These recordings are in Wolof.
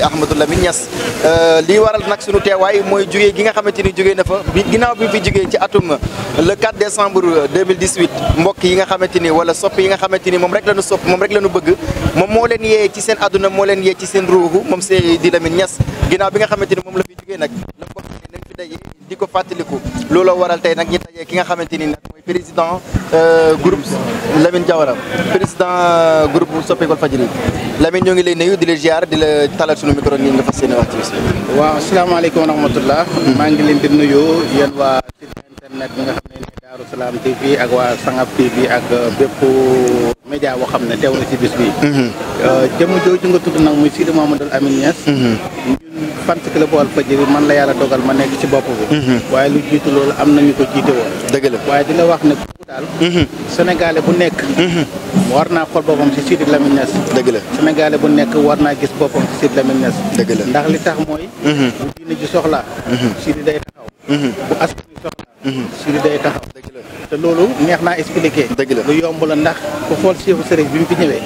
Cheikh Ahmadou Lamine Niass euh, lii waral nag sunu teewaay mooy jugee gi nga xamante ni na fa bi ginnaaw bi fi jugee ci atum euh, le 4 décembre euh, mbokk yi nga xamante wala sopp yi nga xamante moom rek la sopp moom rek la bëgg moom moo leen yee ci seen àdduna moo leen yee ci seen ruuxu moom Seydi Lamine Niass ginnaaw bi nga xamante moom la fi jugee nag la ko nañ fi daje di ko fàttaliku looloo waral tey nag ñi dajee ki nga xamante président euh, groupe Lamine Diawara président euh, groupe Soppey Walfadjri Lamine ñoo ngi lay nuyu di la ziar di la talal sunu micro ngeen nga fas yéene wax ci bis bi. waaw asalaamaaleykum wa rahmatullah hmm. maa ngi leen di nuyu yéen waa site internet bi nga xam ne Daaru Salaam TV ak waa Sangap TV ak euh, bépp média boo xam ne teew na ci bis bi. Hmm. jëmm jooju nga tudd nag muy Sidi Mamadou Amine Niass. Hmm. fans club Walfadjri man la yàlla dogal ma nekk ci bopp bi mhm. waaye lu jiitu loolu am nañu ko jiite woon dëgg waaye di la wax ne ku daal mhm. sénégalais bu nekk mhm. war naa xool boppam ci Sidi Lamine Niass dëgg la sénégalais bu nekk war naa gis boppam ci Sidi Lamine Niass dëgg la ndax li tax mooy bu diine ji soxla Sidi day taxaw bu askan wi soxlaa Sidi day taxaw dëgg la te lolu neex na expliquer deug la lu yomb la ndax ko xol cheikhu sëriñ bimu fi ñëwee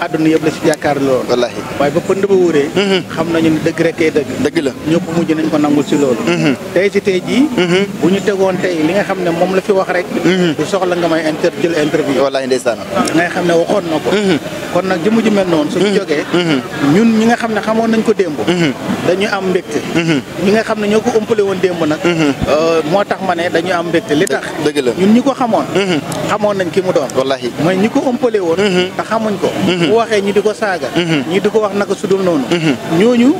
aduna mhm. yeb la ci yakkar loolu wallahi way ba pënd ba wuré mhm. xam nañu deug dëgg rekkee deug dëgg la ñop mujj nañ ko nangul ci loolu mhm. tay ci tay ji bu ñu tegoon tey li nga xam mom la fi wax rek du soxla nga may inter interview wallahi ndeysana nga xam waxon nako kon nak jëmu ju mel noonu suñu joggé ñun ñi nga xam xamoon nañ ko dembu dañu am mbékté ñi nga xam ñoko ñoo won dembu nak euh motax mané dañu am mbékté li tax deug la ñun ko hmm xamone nañ ki mu doon wallahi moy ñi ko ëmpale woon mhm. xamuñ ko bu mhm. waxé ñi diko ko mhm. ñi diko ko wax naka sudul noonu ñoñu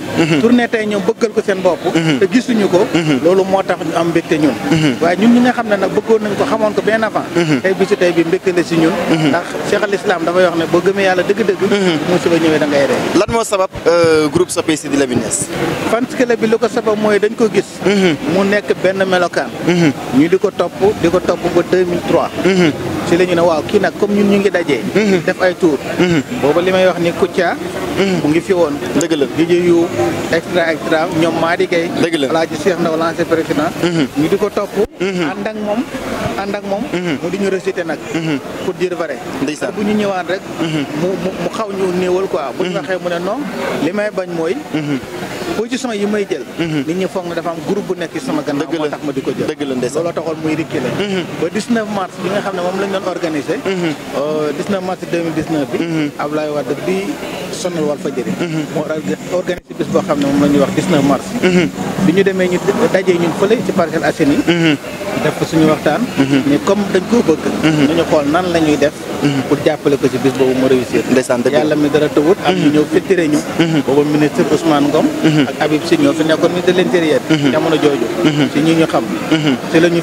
tourné tay ñom bëggal ko seen bop te gisunu ko lolu moo tax ñu am bëkté ñun waaye ñun ñi nga xamné nak bëggoon nañ ko xamone ko bien avant bi ci tay bi mbëkké na ci ñun ndax Cheikh al Islam dafa wax ne boo gëmee yàlla dëgg-dëgg ba ñëwé da ngay ré lan mo sabab euh, groupe sa si di la parce que fans bi lu ko sabab moy dañ ko gis mu nekk ben melokan ñu diko ko diko top ba 2003. Mhm. ci la ñu ne waaw kii nag comme ñun ñu ngi dajee. Mhm. def ay tour mhm. booba li may wax ni Kouthia. mu ngi fi woon. dëgg la di yu extra extra ñoom maa di kay. dëgg la Alaaji Cheikh Ndaw lancé président. ñu di ko topp. ànd moom ànd ak moom. mu di ñu recité nag. pour dire vrai. ndeysaan bu ñu ñëwaan rek. mu mu xaw ñu néewal quoi. bu ñu waxee mu ne non li may bañ mooy. position yi may jël mhm. nit ñi foog na dafa am groupe bu nekk ci sama gannaaw moo tax ma di ko jël dëgg la ndeysaan muy rikki la mhm. ba 19 mars bi nga xam ne moom lañ doon organisé 19 mhm. euh, mars 2019 bi Ablaye Wade bi sonal Walfadjri mhm. moo organisé bis boo xam ne moom la wax 19 mars mhm. bi ñu demee ñu dajee ñun fële ci Parcelles Assainies mhm. def suñu waxtaan mais comme dañ koo bëgg nañu xool nan la def pour jàppale ko ci bis boobu mu réussir yàlla mi dara tëwut am ñu ñëw fittire ñu boobu ministre Ousmane Ngom ak Habib Sy ñoo fi nekkoon ministre l'intérieur jamono jooju ci ñi ñu xam ci la ñu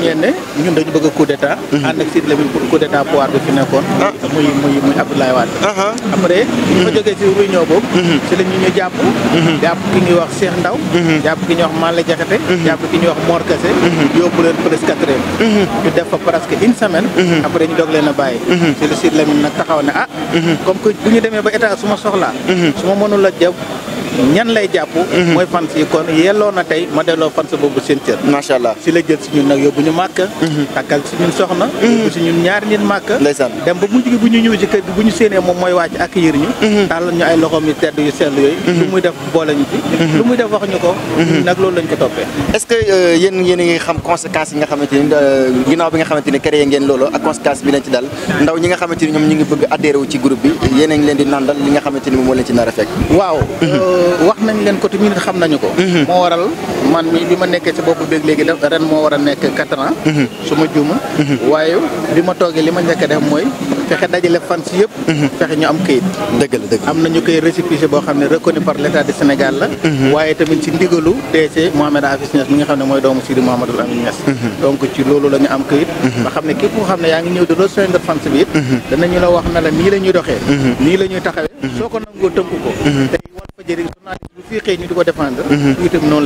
ñeen ne ñun dañu bëgg coup d'état ànd ak Sidy Lamine pour coup jógee si réunion boobu si mhm. la ñu ñu jàpp mhm. jàpp ki ñuy wax Cheikh Ndaw mhm. jàpp ki ñuy wax Malla Jaxate jàpp ki ñuy wax Mor Kassé yóbbu leen police quatre heures ñu def fa presque une semaine après ñu doog leen a bàyyi si la Sidy nag taxaw ne ah comme que bu ñu demee ba état su ma soxlaa su ma mënul a jàpp ñan lay japp moy mhm. fans yi kon yello na tay ma delo fans boobu seen cër macha allah si la jël ci ñun nak yobu ñu màkk mhm. takal ci ñun soxna mhm. bu ci ñun ñaar ñin màkk ndeysaan dem ba mujj bu ñu ñew ci kër gi bu ñu séenee mom moy wacc ak yir ñu dal ñu ay loxom yi tedd yu sel yoy lu muy def boole ñu ci lu muy def wax ñu ko nag loolu lañ ko topé est ce que euh, yeen yeen ngi xam conséquences yi nga xamanteni euh, ginaaw bi nga xamanteni créé ngeen loolu ak conséquences bi lañ ci dal ndaw ñi nga xamanteni ñom ñi ngi bëgg adhéré wu ci groupe bi yeen a ngi leen di nandal li nga xamanteni ni mo leen ci nara a fekk waaw euh, wax nañ leen ko te xam nañu ko. Mhm. moo waral man mi bi ma nekkee ci bopp beeg léegi def ren moo war a nekk quatre mhm. su ma juuma. Mhm. waaye bi ma toogee li ma njëkk a def mooy fexe dajale fan si fexe ñu am këyit. dëgg la dëgg koy récépissé boo xam ne reconnu par l' état Sénégal la. waaye tamit ci ndigalu DC e Mohamed Afis Niass mi nga xam ne mooy doomu Sidi Mouhamadul Amin Niass. donc ci loolu la am këyit. nga xam ne képp koo xam ne yaa ngi ñëw di rejoindre jëriñ journaliste bu mhm. mhm.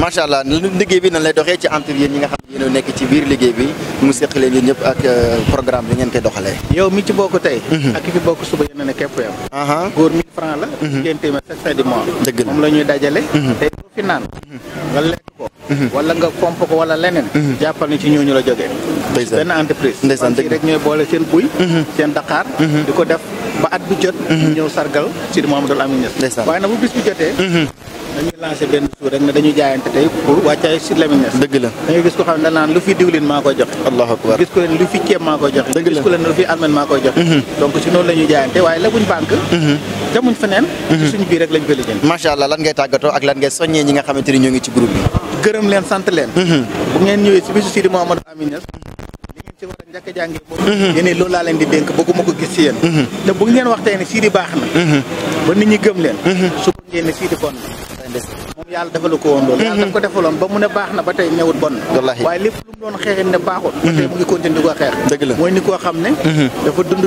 allah liggéey bi nan lay doxee ci entre yéen nga xam ne yéen nekk ci biir liggéey bi mu seq leen yéen ñëpp ak euh, programme bi ngeen koy doxalee. yow mi ci bokk tey. Mhm. ak ki fi bokk suba yéen a ne képp yam. góor 1000 francs la. moom la dajale. tey boo fi naan nga lekk wala nga pomp ko wala lenen mhm. jappal ni ci ñooñu la joge ben entreprise ndeysaan rek ñoy boole seen buy mhm. seen Dakar mhm. diko def ba at bu jot ñew sargal Sidi Mouhamadoul amin ness way na bu bis bu joté dañu lancer ben tour rek na dañu jaayante tay pour waccay ci lamin ness deug la dañu gis ko xam na da lu fi diwlin mako jox allah akbar gis ko leen lu fi ceeb maa koy joxe gis ko leen lu fi almen mako jox donc ci non lañu jaayante way la buñ banque demuñ fenen ci suñu bi rek lañu fa lijjanti macha allah lan ngay tagato ak lan ngay soñé ñi nga xamanteni ñu ngi ci groupe bi gërëm leen sant leen mhm. bu ngeen ñëwee si bisu Sidi Mouhamadou Amine Niass mhm. li ngeen si war a njëkk a jàngee moom mhm. yéen loolu laa leen di dénk bëgguma ko gis si yéen te bu ngeen waxtee ne Sidi baax na ba nit ñi gëm leen suba ngeen ne Sidi bon moom yàlla defalu ko woon loolu yàlla daf ko defaloon ba mu ne baax na ba tey newut bon na waaye lépp doon xeexit ne baaxul ba tey mu ngi continuer di ko xeex dëgg la mooy ni koo xam ne dafa dund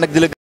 di débat dee